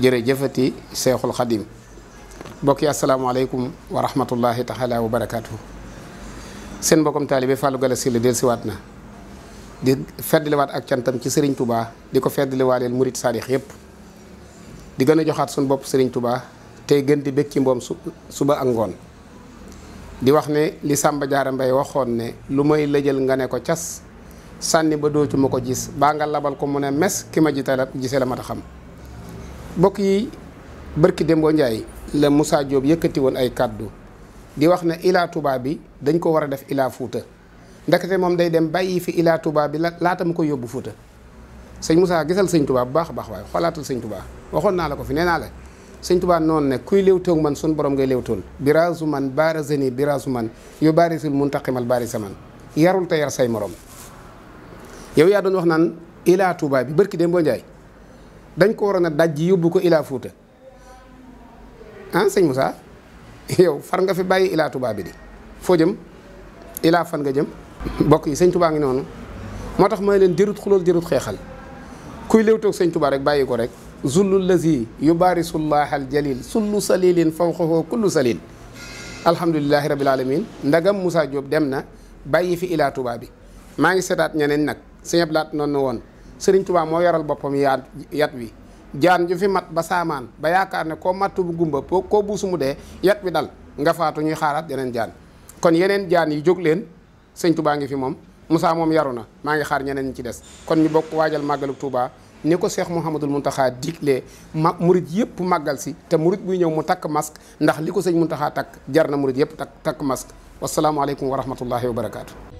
jërëjëfati seexul xadim mbokk yi asalaamaaleykum wa rahmatullahi taala wa barakaatu. seen mbokkam taalibe Fallou Galass Syll dellusiwaat na di feddliwaat ak cantam ci sëriñ Touba di ko feddliwaaleel murit saadix yépp di gën a joxaat suñu bopp sëriñ Touba tey gën di bëgg ci mboom suba ak ngoon di wax ne li sàmba Diarra Mbaye waxoon ne lu may lëjal nga ne ko cas sànni ba ma ko gis baa nga labal ko mu ne mes ki ma ji gisee la mat a xam mbokk yi barki Dembo Ndiaye la Moussa Diop yëkkati woon ay kàddu di wax na ilaa Touba bi dañ ko war a def ilaa Fuuta ndakate moom day dem bàyyi fi ilaa Touba bi laata mu ko yóbbu Fuuta sëñ musaa gisal sañ Touba bu baax a baax waaye xolaatal sañ Touba waxoon naa la ko fi nee naa la sëñ Touba noonu ne kuy léewtoog man sun borom ngay léewtool biraasu man baara zeni biraasu man yu baarisul muntaqimal baari sa man yarul te yar say morom yow yaa doon wax naan ilaa Touba bi barki Dembo Ndiaye dañ ko waroon a daj yóbbu ko ilaa Fuuta ah sëñ Moussa yow far nga fi bàyyi ilaa Touba bi di foo jëm ilaa fan nga jëm mbokk yi sëñ Touba ngi noonu moo tax may leen jërut xulool jërut xeexal kuy léewtoog sëñ Touba rek bàyyi ko rek zullu lazi yubaarisullaah al jalil sullu salilin fawqahu kullu salil alhamdulilahi rabil alamin ndagam Moussa Diop dem na bàyyi fi ilaa Touba bi maa ngi seetaat ñeneen nag sëñ Ablaat noonu woon sëriñ Tuubaa moo yaral boppam yaat yat wi jaan ju fi mat ba saamaan ba yaakaar ne koo matt bu gumba koo buusu mu dee yat wi dal nga faatu ñuy xaaraat yeneen jaan kon yeneen jaan yi jóg leen sëñ Tuubaa ngi fi moom Moussa moom yaru na maa ngi xaar ñeneen ñi ci des kon ñu bokk waajal màggalu Touba ni ko Cheikh Mouhamadul taxaa diglee ma murit yëpp màggal si te murit buy ñëw mu takk masque ndax li ko sëñ taxaa takk jar na murit yëpp takk takk masque wasalaamualeykum wa rahmatullahi wa barakaatu.